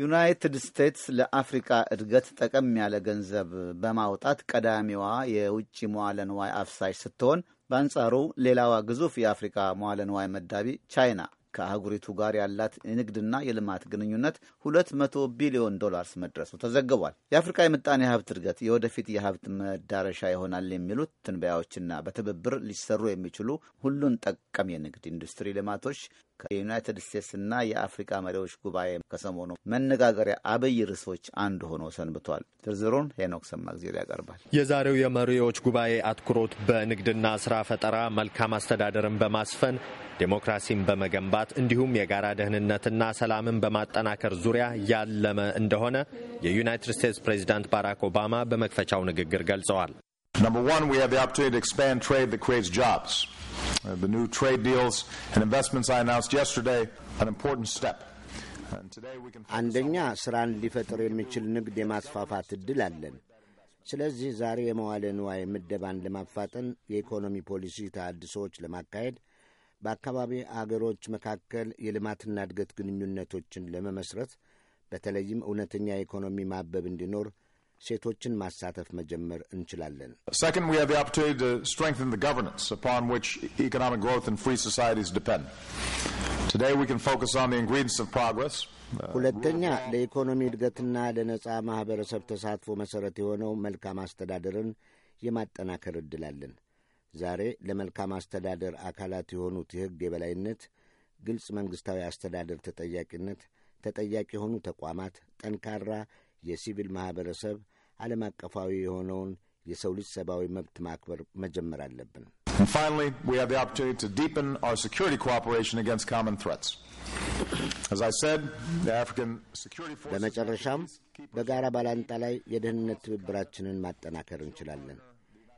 ዩናይትድ ስቴትስ ለአፍሪካ እድገት ጠቀም ያለ ገንዘብ በማውጣት ቀዳሚዋ የውጭ መዋለ ንዋይ አፍሳሽ ስትሆን በአንጻሩ ሌላዋ ግዙፍ የአፍሪካ መዋለ ንዋይ መዳቢ ቻይና ከአህጉሪቱ ጋር ያላት የንግድና የልማት ግንኙነት 200 ቢሊዮን ዶላርስ መድረሱ ተዘግቧል። የአፍሪካ የምጣኔ ሀብት እድገት የወደፊት የሀብት መዳረሻ ይሆናል የሚሉት ትንበያዎችና በትብብር ሊሰሩ የሚችሉ ሁሉን ጠቀም የንግድ ኢንዱስትሪ ልማቶች የዩናይትድ ስቴትስና የአፍሪካ መሪዎች ጉባኤ ከሰሞኑ መነጋገሪያ አብይ ርዕሶች አንዱ ሆኖ ሰንብቷል። ዝርዝሩን ሄኖክ ሰማግዜር ያቀርባል። የዛሬው የመሪዎች ጉባኤ አትኩሮት በንግድና ስራ ፈጠራ፣ መልካም አስተዳደርን በማስፈን ዴሞክራሲን በመገንባት እንዲሁም የጋራ ደህንነትና ሰላምን በማጠናከር ዙሪያ ያለመ እንደሆነ የዩናይትድ ስቴትስ ፕሬዚዳንት ባራክ ኦባማ በመክፈቻው ንግግር ገልጸዋል። Uh, the new trade deals and investments I announced yesterday, an important step. አንደኛ ስራን ሊፈጥር የሚችል ንግድ የማስፋፋት እድል አለን። ስለዚህ ዛሬ የመዋለ ንዋይ ምደባን ለማፋጠን የኢኮኖሚ ፖሊሲ ተሃድሶዎች ለማካሄድ በአካባቢ አገሮች መካከል የልማትና እድገት ግንኙነቶችን ለመመስረት በተለይም እውነተኛ የኢኮኖሚ ማበብ እንዲኖር ሴቶችን ማሳተፍ መጀመር እንችላለን። uh, ሁለተኛ ለኢኮኖሚ እድገትና ለነጻ ማኅበረሰብ ተሳትፎ መሠረት የሆነው መልካም አስተዳደርን የማጠናከር እድላለን። ዛሬ ለመልካም አስተዳደር አካላት የሆኑት የሕግ የበላይነት፣ ግልጽ መንግሥታዊ አስተዳደር ተጠያቂነት፣ ተጠያቂ የሆኑ ተቋማት፣ ጠንካራ የሲቪል ማኅበረሰብ ዓለም አቀፋዊ የሆነውን የሰው ልጅ ሰብአዊ መብት ማክበር መጀመር አለብን። በመጨረሻም በጋራ ባላንጣ ላይ የደህንነት ትብብራችንን ማጠናከር እንችላለን።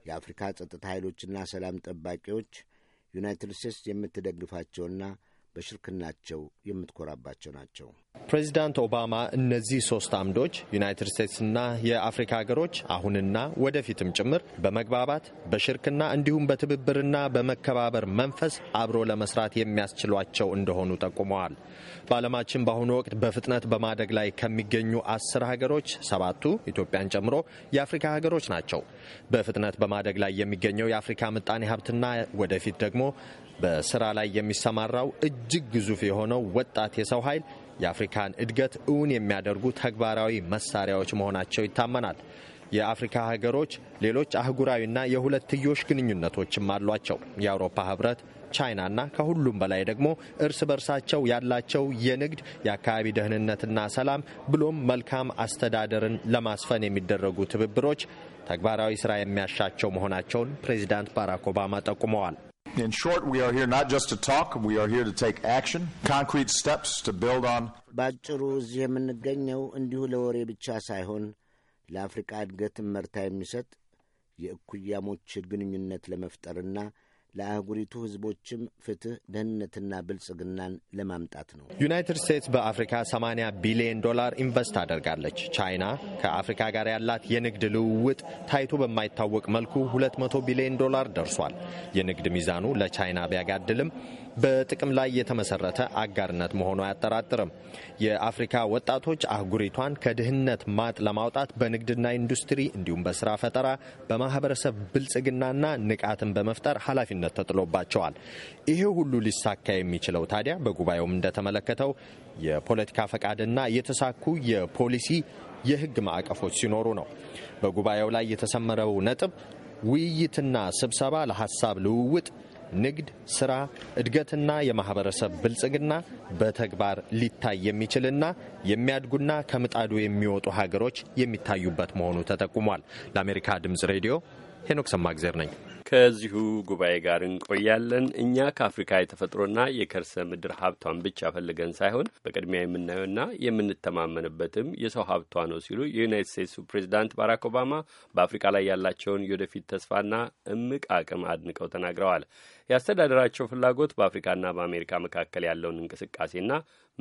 የአፍሪካ ጸጥታ ኃይሎችና ሰላም ጠባቂዎች ዩናይትድ ስቴትስ የምትደግፋቸውና በሽርክናቸው የምትኮራባቸው ናቸው። ፕሬዚዳንት ኦባማ እነዚህ ሶስት አምዶች ዩናይትድ ስቴትስና የአፍሪካ ሀገሮች አሁንና ወደፊትም ጭምር በመግባባት በሽርክና እንዲሁም በትብብርና በመከባበር መንፈስ አብሮ ለመስራት የሚያስችሏቸው እንደሆኑ ጠቁመዋል። በዓለማችን በአሁኑ ወቅት በፍጥነት በማደግ ላይ ከሚገኙ አስር ሀገሮች ሰባቱ ኢትዮጵያን ጨምሮ የአፍሪካ ሀገሮች ናቸው። በፍጥነት በማደግ ላይ የሚገኘው የአፍሪካ ምጣኔ ሀብትና ወደፊት ደግሞ በስራ ላይ የሚሰማራው እጅግ ግዙፍ የሆነው ወጣት የሰው ኃይል የአፍሪካን እድገት እውን የሚያደርጉ ተግባራዊ መሳሪያዎች መሆናቸው ይታመናል። የአፍሪካ ሀገሮች ሌሎች አህጉራዊና የሁለትዮሽ ግንኙነቶችም አሏቸው። የአውሮፓ ህብረት፣ ቻይናና ከሁሉም በላይ ደግሞ እርስ በርሳቸው ያላቸው የንግድ የአካባቢ ደህንነትና ሰላም ብሎም መልካም አስተዳደርን ለማስፈን የሚደረጉ ትብብሮች ተግባራዊ ስራ የሚያሻቸው መሆናቸውን ፕሬዚዳንት ባራክ ኦባማ ጠቁመዋል። In short, we are here not just to talk, we are here to take action, concrete steps to build on. ባጭሩ እዚህ የምንገኘው እንዲሁ ለወሬ ብቻ ሳይሆን ለአፍሪቃ እድገት መርታ የሚሰጥ የእኩያሞች ግንኙነት ለመፍጠርና ለአህጉሪቱ ህዝቦችም ፍትህ፣ ደህንነትና ብልጽግናን ለማምጣት ነው። ዩናይትድ ስቴትስ በአፍሪካ 80 ቢሊዮን ዶላር ኢንቨስት አደርጋለች። ቻይና ከአፍሪካ ጋር ያላት የንግድ ልውውጥ ታይቶ በማይታወቅ መልኩ 200 ቢሊዮን ዶላር ደርሷል። የንግድ ሚዛኑ ለቻይና ቢያጋድልም በጥቅም ላይ የተመሰረተ አጋርነት መሆኑ አያጠራጥርም። የአፍሪካ ወጣቶች አህጉሪቷን ከድህነት ማጥ ለማውጣት በንግድና ኢንዱስትሪ እንዲሁም በስራ ፈጠራ፣ በማህበረሰብ ብልጽግናና ንቃትን በመፍጠር ኃላፊነት ተጥሎባቸዋል። ይሄ ሁሉ ሊሳካ የሚችለው ታዲያ በጉባኤውም እንደተመለከተው የፖለቲካ ፈቃድና የተሳኩ የፖሊሲ የህግ ማዕቀፎች ሲኖሩ ነው። በጉባኤው ላይ የተሰመረው ነጥብ ውይይትና ስብሰባ ለሀሳብ ልውውጥ ንግድ፣ ስራ፣ እድገትና የማህበረሰብ ብልጽግና በተግባር ሊታይ የሚችልና የሚያድጉና ከምጣዱ የሚወጡ ሀገሮች የሚታዩበት መሆኑ ተጠቁሟል። ለአሜሪካ ድምፅ ሬዲዮ ሄኖክ ሰማግዜር ነኝ። ከዚሁ ጉባኤ ጋር እንቆያለን። እኛ ከአፍሪካ የተፈጥሮና የከርሰ ምድር ሀብቷን ብቻ ፈልገን ሳይሆን በቅድሚያ የምናየውና የምንተማመንበትም የሰው ሀብቷ ነው ሲሉ የዩናይት ስቴትሱ ፕሬዚዳንት ባራክ ኦባማ በአፍሪካ ላይ ያላቸውን የወደፊት ተስፋና እምቅ አቅም አድንቀው ተናግረዋል። የአስተዳደራቸው ፍላጎት በአፍሪካና በአሜሪካ መካከል ያለውን እንቅስቃሴና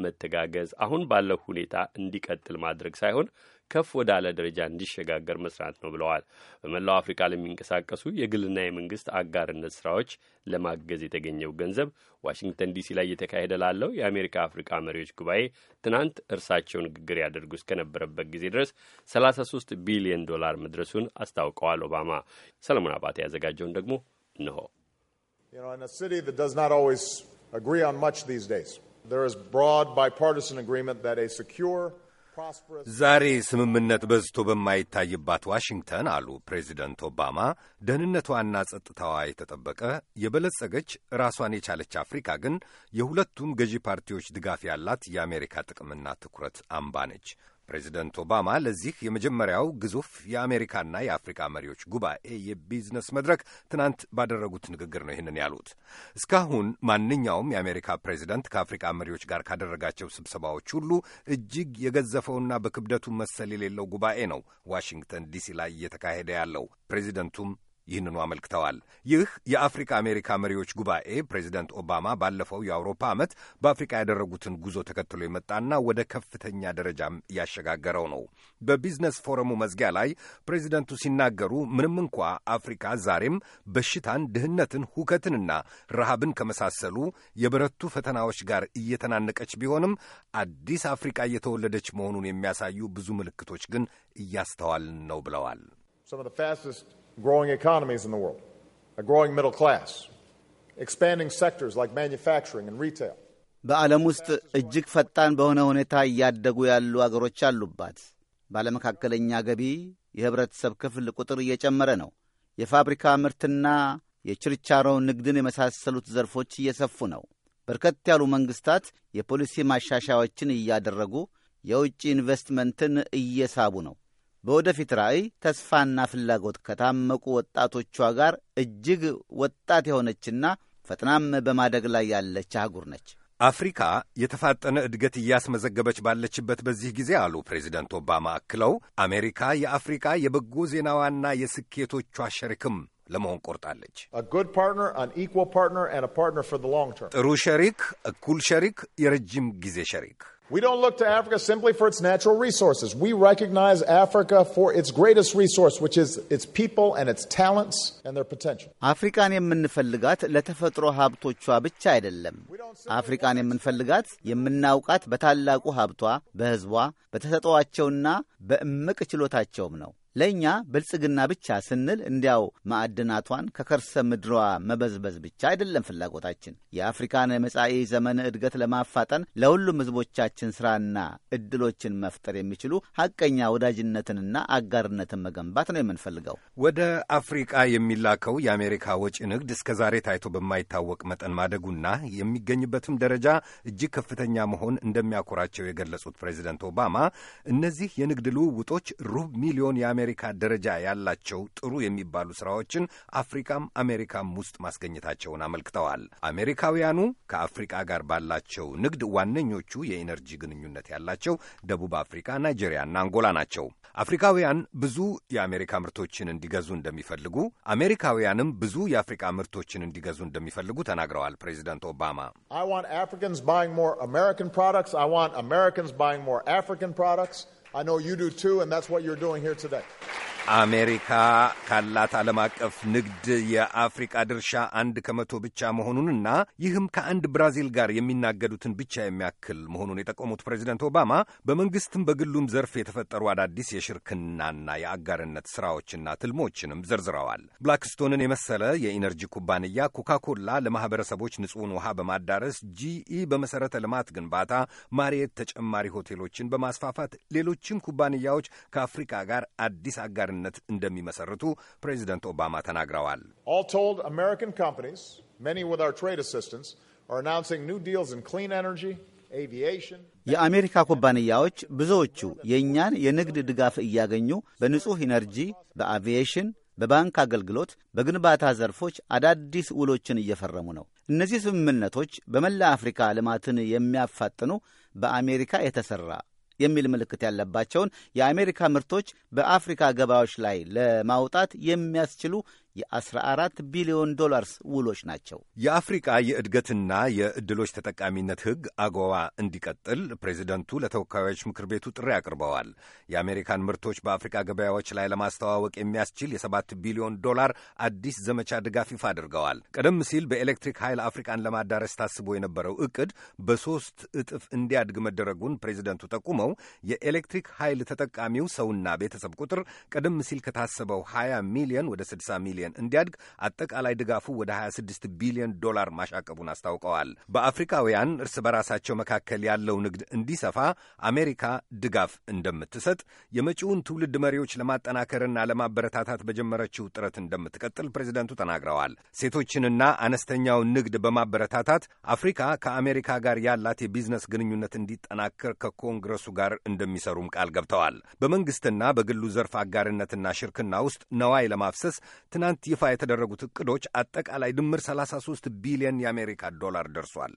መተጋገዝ አሁን ባለው ሁኔታ እንዲቀጥል ማድረግ ሳይሆን ከፍ ወዳለ ደረጃ እንዲሸጋገር መስራት ነው ብለዋል። በመላው አፍሪካ ለሚንቀሳቀሱ የግልና የመንግስት አጋርነት ስራዎች ለማገዝ የተገኘው ገንዘብ ዋሽንግተን ዲሲ ላይ እየተካሄደ ላለው የአሜሪካ አፍሪካ መሪዎች ጉባኤ ትናንት እርሳቸው ንግግር ያደርጉ እስከነበረበት ጊዜ ድረስ 33 ቢሊዮን ዶላር መድረሱን አስታውቀዋል። ኦባማ ሰለሞን አባተ ያዘጋጀውን ደግሞ እንሆ ዛሬ ስምምነት በዝቶ በማይታይባት ዋሽንግተን አሉ ፕሬዚደንት ኦባማ፣ ደህንነቷና ጸጥታዋ የተጠበቀ የበለጸገች ራሷን የቻለች አፍሪካ ግን የሁለቱም ገዢ ፓርቲዎች ድጋፍ ያላት የአሜሪካ ጥቅምና ትኩረት አምባ ነች። ፕሬዚደንት ኦባማ ለዚህ የመጀመሪያው ግዙፍ የአሜሪካና የአፍሪካ መሪዎች ጉባኤ የቢዝነስ መድረክ ትናንት ባደረጉት ንግግር ነው ይህንን ያሉት። እስካሁን ማንኛውም የአሜሪካ ፕሬዚደንት ከአፍሪካ መሪዎች ጋር ካደረጋቸው ስብሰባዎች ሁሉ እጅግ የገዘፈውና በክብደቱ መሰል የሌለው ጉባኤ ነው ዋሽንግተን ዲሲ ላይ እየተካሄደ ያለው። ፕሬዚደንቱም ይህንኑ አመልክተዋል። ይህ የአፍሪካ አሜሪካ መሪዎች ጉባኤ ፕሬዚደንት ኦባማ ባለፈው የአውሮፓ ዓመት በአፍሪካ ያደረጉትን ጉዞ ተከትሎ የመጣና ወደ ከፍተኛ ደረጃም ያሸጋገረው ነው። በቢዝነስ ፎረሙ መዝጊያ ላይ ፕሬዚደንቱ ሲናገሩ ምንም እንኳ አፍሪካ ዛሬም በሽታን፣ ድህነትን፣ ሁከትንና ረሃብን ከመሳሰሉ የበረቱ ፈተናዎች ጋር እየተናነቀች ቢሆንም አዲስ አፍሪካ እየተወለደች መሆኑን የሚያሳዩ ብዙ ምልክቶች ግን እያስተዋልን ነው ብለዋል። growing economies in the world, a growing middle class, expanding sectors like manufacturing and retail. በዓለም ውስጥ እጅግ ፈጣን በሆነ ሁኔታ እያደጉ ያሉ አገሮች አሉባት። ባለመካከለኛ ገቢ የህብረተሰብ ክፍል ቁጥር እየጨመረ ነው። የፋብሪካ ምርትና የችርቻሮ ንግድን የመሳሰሉት ዘርፎች እየሰፉ ነው። በርከት ያሉ መንግሥታት የፖሊሲ ማሻሻያዎችን እያደረጉ የውጭ ኢንቨስትመንትን እየሳቡ ነው። በወደፊት ራዕይ ተስፋና ፍላጎት ከታመቁ ወጣቶቿ ጋር እጅግ ወጣት የሆነችና ፈጥናም በማደግ ላይ ያለች አህጉር ነች። አፍሪካ የተፋጠነ እድገት እያስመዘገበች ባለችበት በዚህ ጊዜ አሉ ፕሬዚደንት ኦባማ አክለው፣ አሜሪካ የአፍሪካ የበጎ ዜናዋና የስኬቶቿ ሸሪክም ለመሆን ቆርጣለች። ጥሩ ሸሪክ፣ እኩል ሸሪክ፣ የረጅም ጊዜ ሸሪክ We don't look to Africa simply for its natural resources. We recognize Africa for its greatest resource, which is its people and its talents and their potential. አፍሪካን የምንፈልጋት ለተፈጥሮ ሀብቶቿ ብቻ አይደለም። አፍሪካን የምንፈልጋት የምናውቃት በታላቁ ሀብቷ፣ በተሰጠዋቸውና በእምቅ ችሎታቸውም ነው። ለእኛ ብልጽግና ብቻ ስንል እንዲያው ማዕድናቷን ከከርሰ ምድሯ መበዝበዝ ብቻ አይደለም ፍላጎታችን። የአፍሪካን መጻኢ ዘመን እድገት ለማፋጠን ለሁሉም ሕዝቦቻችን ሥራና እድሎችን መፍጠር የሚችሉ ሐቀኛ ወዳጅነትንና አጋርነትን መገንባት ነው የምንፈልገው። ወደ አፍሪቃ የሚላከው የአሜሪካ ወጪ ንግድ እስከ ዛሬ ታይቶ በማይታወቅ መጠን ማደጉና የሚገኝበትም ደረጃ እጅግ ከፍተኛ መሆን እንደሚያኮራቸው የገለጹት ፕሬዚደንት ኦባማ እነዚህ የንግድ ልውውጦች ሩብ ሚሊዮን በአሜሪካ ደረጃ ያላቸው ጥሩ የሚባሉ ስራዎችን አፍሪካም አሜሪካም ውስጥ ማስገኘታቸውን አመልክተዋል። አሜሪካውያኑ ከአፍሪካ ጋር ባላቸው ንግድ ዋነኞቹ የኢነርጂ ግንኙነት ያላቸው ደቡብ አፍሪካ፣ ናይጄሪያና አንጎላ ናቸው። አፍሪካውያን ብዙ የአሜሪካ ምርቶችን እንዲገዙ እንደሚፈልጉ አሜሪካውያንም ብዙ የአፍሪካ ምርቶችን እንዲገዙ እንደሚፈልጉ ተናግረዋል ፕሬዚደንት ኦባማ። I want Africans buying more American I know you do too, and that's what you're doing here today. አሜሪካ ካላት ዓለም አቀፍ ንግድ የአፍሪቃ ድርሻ አንድ ከመቶ ብቻ መሆኑንና ይህም ከአንድ ብራዚል ጋር የሚናገዱትን ብቻ የሚያክል መሆኑን የጠቆሙት ፕሬዚደንት ኦባማ በመንግስትም በግሉም ዘርፍ የተፈጠሩ አዳዲስ የሽርክናና የአጋርነት ስራዎችና ትልሞችንም ዘርዝረዋል። ብላክስቶንን የመሰለ የኢነርጂ ኩባንያ፣ ኮካኮላ ለማህበረሰቦች ንጹሕን ውሃ በማዳረስ ጂኢ በመሠረተ ልማት ግንባታ፣ ማሬት ተጨማሪ ሆቴሎችን በማስፋፋት ሌሎችም ኩባንያዎች ከአፍሪካ ጋር አዲስ አጋር አጋርነት እንደሚመሰርቱ ፕሬዚደንት ኦባማ ተናግረዋል። የአሜሪካ ኩባንያዎች ብዙዎቹ የእኛን የንግድ ድጋፍ እያገኙ በንጹሕ ኢነርጂ፣ በአቪዬሽን፣ በባንክ አገልግሎት፣ በግንባታ ዘርፎች አዳዲስ ውሎችን እየፈረሙ ነው። እነዚህ ስምምነቶች በመላ አፍሪካ ልማትን የሚያፋጥኑ በአሜሪካ የተሠራ የሚል ምልክት ያለባቸውን የአሜሪካ ምርቶች በአፍሪካ ገበያዎች ላይ ለማውጣት የሚያስችሉ የ14 ቢሊዮን ዶላርስ ውሎች ናቸው። የአፍሪቃ የእድገትና የዕድሎች ተጠቃሚነት ህግ አጎዋ እንዲቀጥል ፕሬዚደንቱ ለተወካዮች ምክር ቤቱ ጥሪ አቅርበዋል። የአሜሪካን ምርቶች በአፍሪቃ ገበያዎች ላይ ለማስተዋወቅ የሚያስችል የ7 ቢሊዮን ዶላር አዲስ ዘመቻ ድጋፍ ይፋ አድርገዋል። ቀደም ሲል በኤሌክትሪክ ኃይል አፍሪቃን ለማዳረስ ታስቦ የነበረው እቅድ በሶስት እጥፍ እንዲያድግ መደረጉን ፕሬዚደንቱ ጠቁመው የኤሌክትሪክ ኃይል ተጠቃሚው ሰውና ቤተሰብ ቁጥር ቀደም ሲል ከታሰበው 20 ሚሊዮን ወደ 60 ሚሊዮን ቢሊዮን እንዲያድግ አጠቃላይ ድጋፉ ወደ 26 ቢሊዮን ዶላር ማሻቀቡን አስታውቀዋል። በአፍሪካውያን እርስ በራሳቸው መካከል ያለው ንግድ እንዲሰፋ አሜሪካ ድጋፍ እንደምትሰጥ፣ የመጪውን ትውልድ መሪዎች ለማጠናከርና ለማበረታታት በጀመረችው ጥረት እንደምትቀጥል ፕሬዚደንቱ ተናግረዋል። ሴቶችንና አነስተኛውን ንግድ በማበረታታት አፍሪካ ከአሜሪካ ጋር ያላት የቢዝነስ ግንኙነት እንዲጠናከር ከኮንግረሱ ጋር እንደሚሰሩም ቃል ገብተዋል። በመንግስትና በግሉ ዘርፍ አጋርነትና ሽርክና ውስጥ ነዋይ ለማፍሰስ ትናንት ትናንት ይፋ የተደረጉት እቅዶች አጠቃላይ ድምር 33 ቢሊዮን የአሜሪካ ዶላር ደርሷል።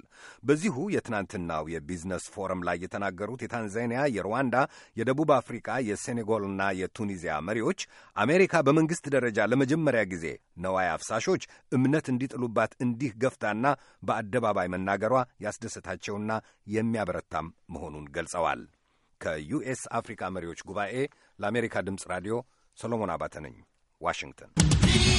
በዚሁ የትናንትናው የቢዝነስ ፎረም ላይ የተናገሩት የታንዛኒያ፣ የሩዋንዳ፣ የደቡብ አፍሪካ፣ የሴኔጋልና የቱኒዚያ መሪዎች አሜሪካ በመንግሥት ደረጃ ለመጀመሪያ ጊዜ ነዋይ አፍሳሾች እምነት እንዲጥሉባት እንዲህ ገፍታና በአደባባይ መናገሯ ያስደሰታቸውና የሚያበረታም መሆኑን ገልጸዋል። ከዩኤስ አፍሪካ መሪዎች ጉባኤ ለአሜሪካ ድምፅ ራዲዮ ሰሎሞን አባተ ነኝ፣ ዋሽንግተን